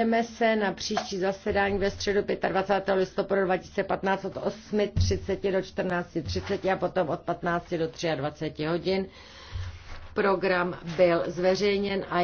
Budeme se na příští zasedání ve středu 25. listopadu 2015 od 8.30 do 14.30 a potom od 15 do 23 hodin. Program byl zveřejněn a